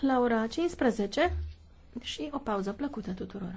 la ora 15 și o pauză plăcută tuturor.